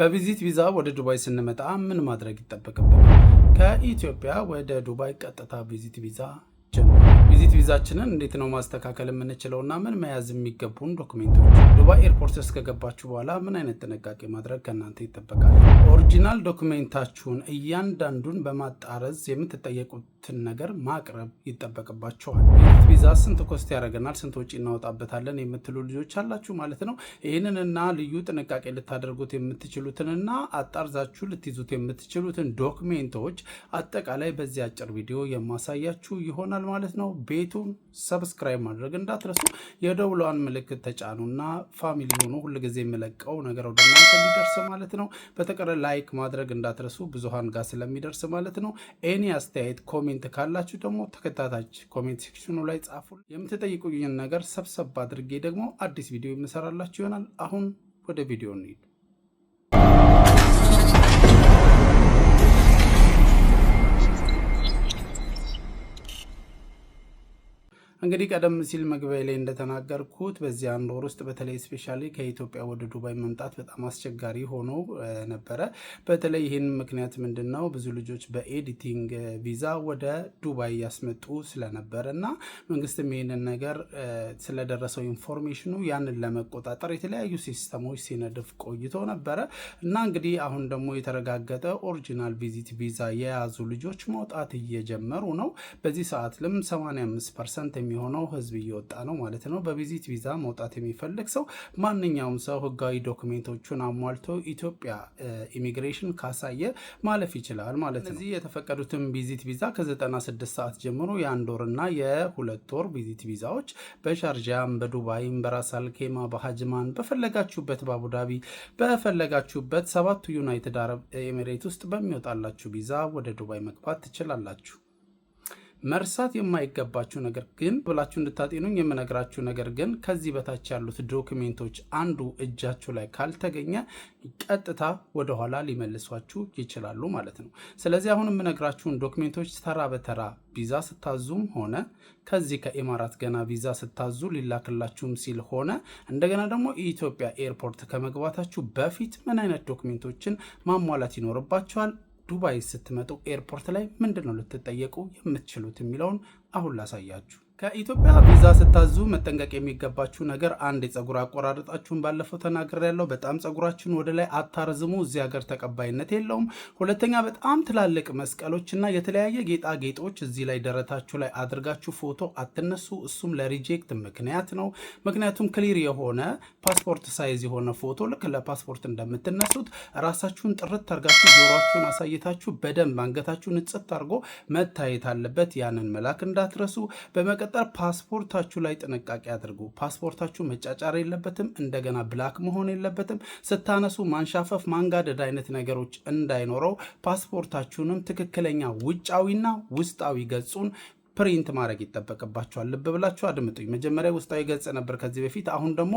በቪዚት ቪዛ ወደ ዱባይ ስንመጣ ምን ማድረግ ይጠበቅብናል? ከኢትዮጵያ ወደ ዱባይ ቀጥታ ቪዚት ቪዛ የትራንዚት ቪዛችንን እንዴት ነው ማስተካከል የምንችለው እና ምን መያዝ የሚገቡን ዶክሜንቶች? ዱባይ ኤርፖርት እስከገባችሁ በኋላ ምን አይነት ጥንቃቄ ማድረግ ከእናንተ ይጠበቃል? ኦሪጂናል ዶክሜንታችሁን እያንዳንዱን በማጣረዝ የምትጠየቁትን ነገር ማቅረብ ይጠበቅባችኋል። ቪዛ ስንት ኮስት ያደርገናል፣ ስንት ወጪ እናወጣበታለን የምትሉ ልጆች አላችሁ ማለት ነው። ይህንንና ልዩ ጥንቃቄ ልታደርጉት የምትችሉትንና አጣርዛችሁ ልትይዙት የምትችሉትን ዶክሜንቶች አጠቃላይ በዚህ አጭር ቪዲዮ የማሳያችሁ ይሆናል ማለት ነው። ቤቱን ሰብስክራይብ ማድረግ እንዳትረሱ። የደውሏን ምልክት ተጫኑና ፋሚሊ ሆኖ ሁልጊዜ የምለቀው ነገር ወደ እናንተ ሊደርስ ማለት ነው። በተቀረ ላይክ ማድረግ እንዳትረሱ፣ ብዙሀን ጋር ስለሚደርስ ማለት ነው። ኤኒ አስተያየት ኮሜንት ካላችሁ ደግሞ ተከታታች ኮሜንት ሴክሽኑ ላይ ጻፉ። የምትጠይቁኝን ነገር ሰብሰብ አድርጌ ደግሞ አዲስ ቪዲዮ የምሰራላችሁ ይሆናል። አሁን ወደ ቪዲዮ እንሂድ። እንግዲህ ቀደም ሲል መግቢያ ላይ እንደተናገርኩት በዚህ አንድ ወር ውስጥ በተለይ ስፔሻሊ ከኢትዮጵያ ወደ ዱባይ መምጣት በጣም አስቸጋሪ ሆኖ ነበረ። በተለይ ይህን ምክንያት ምንድን ነው ብዙ ልጆች በኤዲቲንግ ቪዛ ወደ ዱባይ ያስመጡ ስለነበረ እና መንግስትም ይህንን ነገር ስለደረሰው ኢንፎርሜሽኑ ያንን ለመቆጣጠር የተለያዩ ሲስተሞች ሲነድፍ ቆይቶ ነበረ እና እንግዲህ አሁን ደግሞ የተረጋገጠ ኦሪጂናል ቪዚት ቪዛ የያዙ ልጆች መውጣት እየጀመሩ ነው። በዚህ ሰዓት ልም 85 ፐርሰንት የሚሆነው ህዝብ እየወጣ ነው ማለት ነው። በቪዚት ቪዛ መውጣት የሚፈልግ ሰው ማንኛውም ሰው ህጋዊ ዶክሜንቶቹን አሟልቶ ኢትዮጵያ ኢሚግሬሽን ካሳየ ማለፍ ይችላል ማለት ነው። እዚህ የተፈቀዱትን ቪዚት ቪዛ ከ96 ሰዓት ጀምሮ የአንድ ወርና የሁለት ወር ቪዚት ቪዛዎች በሻርጃም፣ በዱባይም፣ በራስ አልኬማ፣ በሀጅማን በፈለጋችሁበት በአቡዳቢ በፈለጋችሁበት ሰባቱ ዩናይትድ አረብ ኤሚሬት ውስጥ በሚወጣላችሁ ቪዛ ወደ ዱባይ መግባት ትችላላችሁ። መርሳት የማይገባችሁ ነገር ግን ብላችሁ እንድታጤኑኝ የምነግራችሁ ነገር ግን ከዚህ በታች ያሉት ዶክሜንቶች አንዱ እጃችሁ ላይ ካልተገኘ ቀጥታ ወደኋላ ሊመልሷችሁ ይችላሉ ማለት ነው። ስለዚህ አሁን የምነግራችሁን ዶክሜንቶች ተራ በተራ ቪዛ ስታዙም ሆነ ከዚህ ከኢማራት ገና ቪዛ ስታዙ ሊላክላችሁም ሲል ሆነ እንደገና ደግሞ የኢትዮጵያ ኤርፖርት ከመግባታችሁ በፊት ምን አይነት ዶክሜንቶችን ማሟላት ይኖርባችኋል ዱባይ ስትመጡ ኤርፖርት ላይ ምንድን ነው ልትጠየቁ የምትችሉት የሚለውን አሁን ላሳያችሁ። ከኢትዮጵያ ቪዛ ስታዙ መጠንቀቅ የሚገባችሁ ነገር አንድ የጸጉር አቆራረጣችሁን ባለፈው ተናግር ያለው በጣም ጸጉራችሁን ወደ ላይ አታርዝሙ። እዚህ ሀገር ተቀባይነት የለውም። ሁለተኛ በጣም ትላልቅ መስቀሎችና የተለያየ ጌጣጌጦች እዚህ ላይ ደረታችሁ ላይ አድርጋችሁ ፎቶ አትነሱ። እሱም ለሪጀክት ምክንያት ነው። ምክንያቱም ክሊር የሆነ ፓስፖርት ሳይዝ የሆነ ፎቶ ልክ ለፓስፖርት እንደምትነሱት ራሳችሁን ጥርት አርጋችሁ ጆሯችሁን አሳይታችሁ በደንብ አንገታችሁን ንጽት አድርጎ መታየት አለበት። ያንን መላክ እንዳትረሱ በመቀጠ ሲፈጠር ፓስፖርታችሁ ላይ ጥንቃቄ አድርጉ። ፓስፖርታችሁ መጫጫር የለበትም። እንደገና ብላክ መሆን የለበትም። ስታነሱ ማንሻፈፍ፣ ማንጋደድ አይነት ነገሮች እንዳይኖረው ፓስፖርታችሁንም ትክክለኛ ውጫዊና ውስጣዊ ገጹን ፕሪንት ማድረግ ይጠበቅባቸዋል። ልብ ብላችሁ አድምጡኝ። መጀመሪያ ውስጣዊ ገጽ ነበር ከዚህ በፊት። አሁን ደግሞ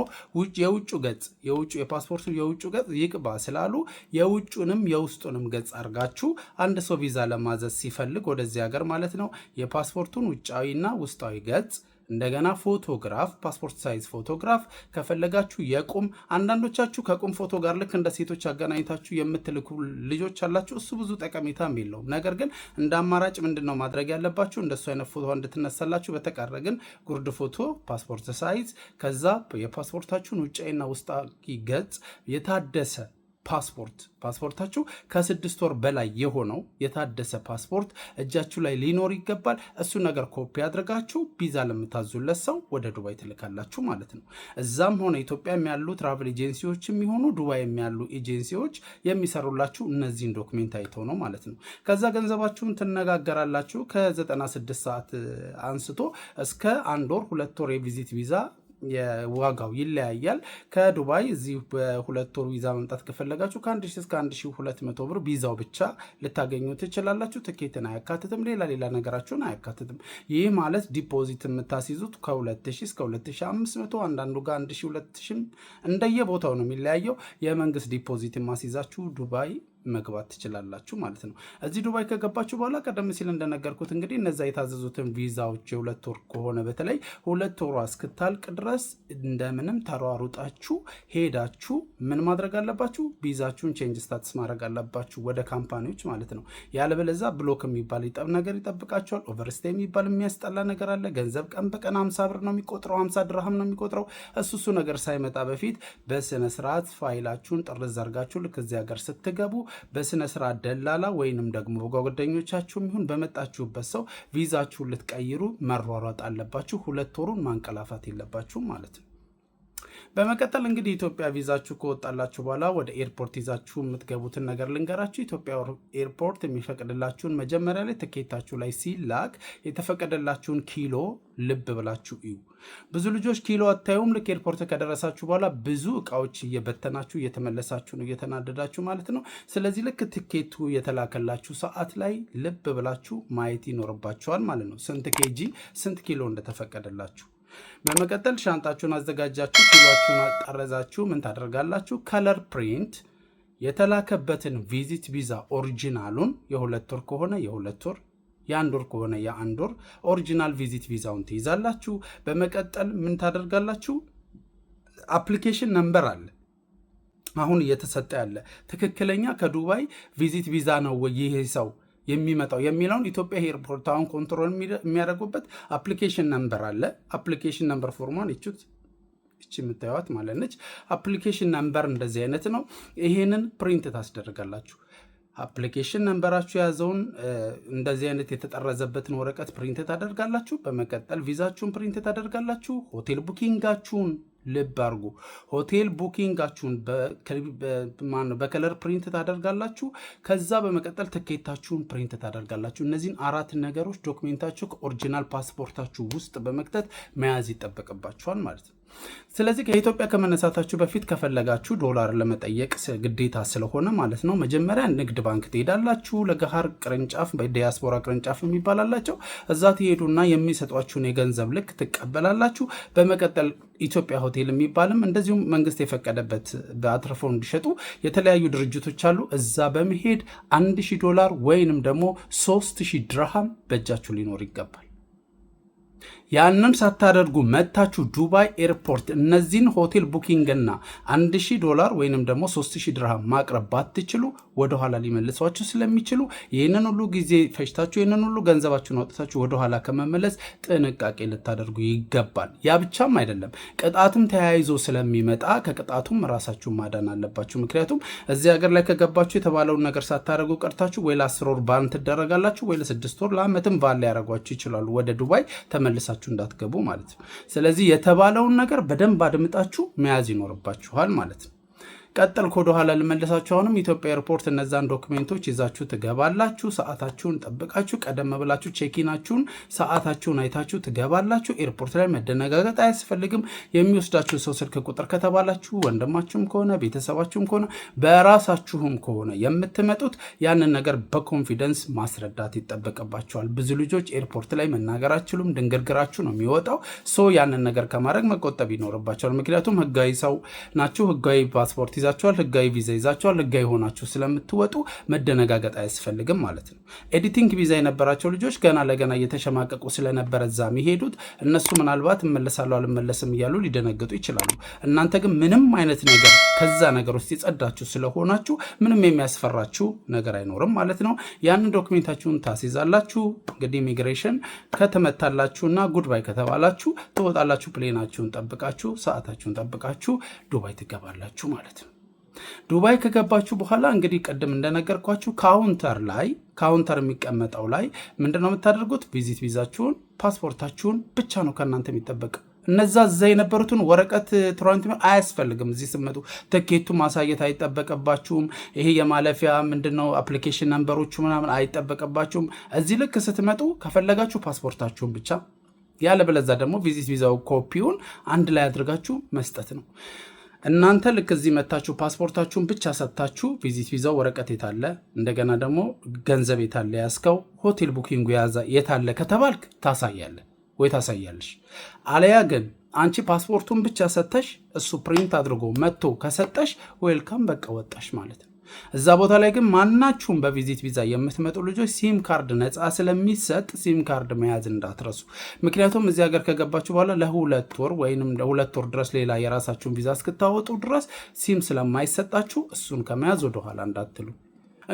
የውጩ ገጽ የውጩ የፓስፖርቱ የውጩ ገጽ ይቅባ ስላሉ የውጩንም የውስጡንም ገጽ አድርጋችሁ አንድ ሰው ቪዛ ለማዘዝ ሲፈልግ ወደዚህ ሀገር ማለት ነው የፓስፖርቱን ውጫዊና ውስጣዊ ገጽ እንደገና ፎቶግራፍ ፓስፖርት ሳይዝ ፎቶግራፍ ከፈለጋችሁ የቁም አንዳንዶቻችሁ ከቁም ፎቶ ጋር ልክ እንደ ሴቶች አገናኝታችሁ የምትልኩ ልጆች አላችሁ። እሱ ብዙ ጠቀሜታም የለውም። ነገር ግን እንደ አማራጭ ምንድን ነው ማድረግ ያለባችሁ? እንደሱ አይነት ፎቶ እንድትነሳላችሁ። በተቃረ ግን ጉርድ ፎቶ ፓስፖርት ሳይዝ፣ ከዛ የፓስፖርታችሁን ውጫዊና ውስጣዊ ገጽ የታደሰ ፓስፖርት ፓስፖርታችሁ ከስድስት ወር በላይ የሆነው የታደሰ ፓስፖርት እጃችሁ ላይ ሊኖር ይገባል። እሱ ነገር ኮፒ አድርጋችሁ ቪዛ ለምታዙለት ሰው ወደ ዱባይ ትልካላችሁ ማለት ነው። እዛም ሆነ ኢትዮጵያ ያሉ ትራቭል ኤጀንሲዎች የሚሆኑ ዱባይ ያሉ ኤጀንሲዎች የሚሰሩላችሁ እነዚህን ዶክሜንት አይተው ነው ማለት ነው። ከዛ ገንዘባችሁን ትነጋገራላችሁ። ከ96 ሰዓት አንስቶ እስከ አንድ ወር ሁለት ወር የቪዚት ቪዛ የዋጋው ይለያያል። ከዱባይ እዚህ በሁለት ወር ቪዛ መምጣት ከፈለጋችሁ ከ1 እስከ 1200 ብር ቪዛው ብቻ ልታገኙ ትችላላችሁ። ትኬትን አያካትትም። ሌላ ሌላ ነገራችሁን አያካትትም። ይህ ማለት ዲፖዚት የምታስይዙት ከ2000 እስከ 2500 አንዳንዱ ጋር 1200 እንደየቦታው ነው የሚለያየው። የመንግስት ዲፖዚት የማስይዛችሁ ዱባይ መግባት ትችላላችሁ ማለት ነው። እዚህ ዱባይ ከገባችሁ በኋላ ቀደም ሲል እንደነገርኩት እንግዲህ እነዛ የታዘዙትን ቪዛዎች የሁለት ወር ከሆነ በተለይ ሁለት ወሯ እስክታልቅ ድረስ እንደምንም ተሯሩጣችሁ ሄዳችሁ ምን ማድረግ አለባችሁ? ቪዛችሁን ቼንጅ ስታትስ ማድረግ አለባችሁ ወደ ካምፓኒዎች ማለት ነው። ያለበለዛ ብሎክ የሚባል ነገር ይጠብቃቸዋል። ኦቨርስቴ የሚባል የሚያስጠላ ነገር አለ። ገንዘብ ቀን በቀን ሀምሳ ብር ነው የሚቆጥረው፣ ሀምሳ ድርሃም ነው የሚቆጥረው። እሱ እሱ ነገር ሳይመጣ በፊት በስነስርዓት ፋይላችሁን ጥርዝ ዘርጋችሁ ልክ እዚህ ሀገር ስትገቡ በስነ ስርዓት ደላላ ወይንም ደግሞ በጓደኞቻችሁም ይሁን በመጣችሁበት ሰው ቪዛችሁን ልትቀይሩ መሯሯጥ አለባችሁ። ሁለት ወሩን ማንቀላፋት የለባችሁም ማለት ነው። በመቀጠል እንግዲህ ኢትዮጵያ ቪዛችሁ ከወጣላችሁ በኋላ ወደ ኤርፖርት ይዛችሁ የምትገቡትን ነገር ልንገራችሁ። ኢትዮጵያ ኤርፖርት የሚፈቅድላችሁን መጀመሪያ ላይ ትኬታችሁ ላይ ሲላክ የተፈቀደላችሁን ኪሎ ልብ ብላችሁ እዩ። ብዙ ልጆች ኪሎ አታዩም። ልክ ኤርፖርት ከደረሳችሁ በኋላ ብዙ እቃዎች እየበተናችሁ እየተመለሳችሁ ነው፣ እየተናደዳችሁ ማለት ነው። ስለዚህ ልክ ትኬቱ የተላከላችሁ ሰዓት ላይ ልብ ብላችሁ ማየት ይኖርባችኋል ማለት ነው። ስንት ኬጂ ስንት ኪሎ እንደተፈቀደላችሁ በመቀጠል ሻንጣችሁን አዘጋጃችሁ ኪሏችሁን አጠረዛችሁ ምን ታደርጋላችሁ? ከለር ፕሪንት የተላከበትን ቪዚት ቪዛ ኦሪጂናሉን የሁለት ወር ከሆነ የሁለት ወር የአንድ ወር ከሆነ የአንድ ወር ኦሪጂናል ቪዚት ቪዛውን ትይዛላችሁ። በመቀጠል ምን ታደርጋላችሁ? አፕሊኬሽን ነንበር አለ አሁን እየተሰጠ ያለ ትክክለኛ ከዱባይ ቪዚት ቪዛ ነው ወይ ይሄ ሰው የሚመጣው የሚለውን ኢትዮጵያ ኤርፖርት አሁን ኮንትሮል የሚያደርጉበት አፕሊኬሽን ነምበር አለ። አፕሊኬሽን ነምበር ፎርሟን ይቹት እቺ የምታየዋት ማለት ነች። አፕሊኬሽን ነምበር እንደዚህ አይነት ነው። ይሄንን ፕሪንት ታስደርጋላችሁ። አፕሊኬሽን ነንበራችሁ የያዘውን እንደዚህ አይነት የተጠረዘበትን ወረቀት ፕሪንት ታደርጋላችሁ። በመቀጠል ቪዛችሁን ፕሪንት ታደርጋላችሁ። ሆቴል ቡኪንጋችሁን ልብ አድርጉ። ሆቴል ቡኪንጋችሁን በከለር ፕሪንት ታደርጋላችሁ። ከዛ በመቀጠል ትኬታችሁን ፕሪንት ታደርጋላችሁ። እነዚህን አራት ነገሮች ዶክሜንታችሁ ከኦሪጂናል ፓስፖርታችሁ ውስጥ በመክተት መያዝ ይጠበቅባችኋል ማለት ነው። ስለዚህ ከኢትዮጵያ ከመነሳታችሁ በፊት ከፈለጋችሁ ዶላር ለመጠየቅ ግዴታ ስለሆነ ማለት ነው። መጀመሪያ ንግድ ባንክ ትሄዳላችሁ። ለገሃር ቅርንጫፍ፣ ዲያስፖራ ቅርንጫፍ የሚባላላቸው እዛ ትሄዱና የሚሰጧችሁን የገንዘብ ልክ ትቀበላላችሁ። በመቀጠል ኢትዮጵያ ሆቴል የሚባልም እንደዚሁም መንግስት የፈቀደበት በአትርፎ እንዲሸጡ የተለያዩ ድርጅቶች አሉ። እዛ በመሄድ አንድ ሺህ ዶላር ወይንም ደግሞ ሶስት ሺህ ድርሃም በእጃችሁ ሊኖር ይገባል። ያንን ሳታደርጉ መታችሁ ዱባይ ኤርፖርት እነዚህን ሆቴል ቡኪንግና አንድ 1000 ዶላር ወይንም ደግሞ 3000 ድርሃ ድርሃም ማቅረብ ባትችሉ ወደኋላ ሊመልሷችሁ ስለሚችሉ ይህንን ሁሉ ጊዜ ፈጅታችሁ ይህንን ሁሉ ገንዘባችሁን አውጥታችሁ ወደኋላ ከመመለስ ጥንቃቄ ልታደርጉ ይገባል። ያ ብቻም አይደለም፣ ቅጣትም ተያይዞ ስለሚመጣ ከቅጣቱም ራሳችሁ ማዳን አለባችሁ። ምክንያቱም እዚህ ሀገር ላይ ከገባችሁ የተባለውን ነገር ሳታደርጉ ቀርታችሁ ወይ ለአስር ወር ባን ትደረጋላችሁ ወይ ለስድስት ወር ለአመትም ባን ሊያደርጓችሁ ይችላሉ ወደ ዱባይ መልሳችሁ እንዳትገቡ ማለት ነው። ስለዚህ የተባለውን ነገር በደንብ አድምጣችሁ መያዝ ይኖርባችኋል ማለት ነው። ቀጠልኩ ወደ ኋላ ልመለሳችሁ። አሁንም ኢትዮጵያ ኤርፖርት እነዛን ዶክሜንቶች ይዛችሁ ትገባላችሁ። ሰዓታችሁን ጠብቃችሁ ቀደም ብላችሁ ቼኪናችሁን ሰዓታችሁን አይታችሁ ትገባላችሁ። ኤርፖርት ላይ መደነጋገጥ አያስፈልግም። የሚወስዳችሁ ሰው ስልክ ቁጥር ከተባላችሁ ወንድማችሁም ከሆነ ቤተሰባችሁም ከሆነ በራሳችሁም ከሆነ የምትመጡት ያንን ነገር በኮንፊደንስ ማስረዳት ይጠበቅባቸዋል ብዙ ልጆች ኤርፖርት ላይ መናገር አችሉም፣ ድንግርግራችሁ ነው የሚወጣው። ሶ ያንን ነገር ከማድረግ መቆጠብ ይኖርባቸዋል። ምክንያቱም ህጋዊ ሰው ናችሁ፣ ህጋዊ ፓስፖርት ይዛችኋል፣ ህጋዊ ቪዛ ይዛችኋል፣ ህጋዊ ሆናችሁ ስለምትወጡ መደነጋገጥ አያስፈልግም ማለት ነው። ኤዲቲንግ ቪዛ የነበራቸው ልጆች ገና ለገና እየተሸማቀቁ ስለነበረ እዛ የሚሄዱት እነሱ ምናልባት እመለሳለሁ አልመለስም እያሉ ሊደነግጡ ይችላሉ። እናንተ ግን ምንም አይነት ነገር ከዛ ነገር ውስጥ የጸዳችሁ ስለሆናችሁ ምንም የሚያስፈራችሁ ነገር አይኖርም ማለት ነው። ያንን ዶክሜንታችሁን ታስይዛላችሁ። እንግዲህ ኢሚግሬሽን ከተመታላችሁና ጉድባይ ከተባላችሁ ትወጣላችሁ። ፕሌናችሁን ጠብቃችሁ ሰዓታችሁን ጠብቃችሁ ዱባይ ትገባላችሁ ማለት ነው። ዱባይ ከገባችሁ በኋላ እንግዲህ ቅድም እንደነገርኳችሁ ካውንተር ላይ ካውንተር የሚቀመጠው ላይ ምንድነው የምታደርጉት? ቪዚት ቪዛችሁን፣ ፓስፖርታችሁን ብቻ ነው ከእናንተ የሚጠበቅ። እነዛ እዛ የነበሩትን ወረቀት ትራንት አያስፈልግም። እዚህ ስመጡ ትኬቱ ማሳየት አይጠበቅባችሁም። ይሄ የማለፊያ ምንድነው አፕሊኬሽን ነንበሮቹ ምናምን አይጠበቅባችሁም። እዚህ ልክ ስትመጡ ከፈለጋችሁ ፓስፖርታችሁን ብቻ ያለበለዛ ደግሞ ቪዚት ቪዛው ኮፒውን አንድ ላይ አድርጋችሁ መስጠት ነው። እናንተ ልክ እዚህ መታችሁ ፓስፖርታችሁን ብቻ ሰጥታችሁ ቪዚት ቪዛው ወረቀት የታለ እንደገና ደግሞ ገንዘብ የታለ ያስከው ሆቴል ቡኪንጉ የያዘ የታለ ከተባልክ ታሳያለ ወይ ታሳያለሽ። አለያ ግን አንቺ ፓስፖርቱን ብቻ ሰጥተሽ እሱ ፕሪንት አድርጎ መጥቶ ከሰጠሽ ዌልካም በቃ ወጣሽ ማለት ነው። እዛ ቦታ ላይ ግን ማናችሁም በቪዚት ቪዛ የምትመጡ ልጆች ሲም ካርድ ነፃ ስለሚሰጥ ሲም ካርድ መያዝ እንዳትረሱ። ምክንያቱም እዚህ ሀገር ከገባችሁ በኋላ ለሁለት ወር ወይም ለሁለት ወር ድረስ ሌላ የራሳችሁን ቪዛ እስክታወጡ ድረስ ሲም ስለማይሰጣችሁ እሱን ከመያዝ ወደኋላ እንዳትሉ።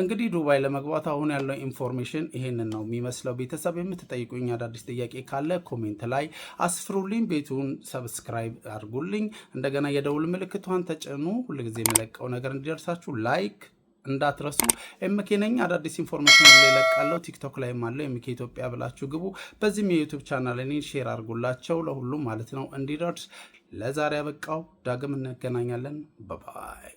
እንግዲህ ዱባይ ለመግባት አሁን ያለው ኢንፎርሜሽን ይሄንን ነው የሚመስለው። ቤተሰብ የምትጠይቁኝ አዳዲስ ጥያቄ ካለ ኮሜንት ላይ አስፍሩልኝ። ቤቱን ሰብስክራይብ አድርጉልኝ። እንደገና የደውል ምልክቷን ተጭኑ። ሁልጊዜ የምለቀው ነገር እንዲደርሳችሁ ላይክ እንዳትረሱ። ኤምኬ ነኝ። አዳዲስ ኢንፎርሜሽን ላይ እለቃለሁ። ቲክቶክ ላይም አለው ኤምኬ ኢትዮጵያ ብላችሁ ግቡ። በዚህም የዩቱብ ቻናል እኔን ሼር አድርጉላቸው ለሁሉም ማለት ነው እንዲደርስ። ለዛሬ ያበቃው፣ ዳግም እንገናኛለን። በባይ